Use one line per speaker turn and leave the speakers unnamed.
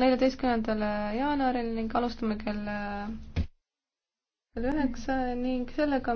neljateistkümnendal jaanuaril ning alustame kell äh, üheksa ning sellega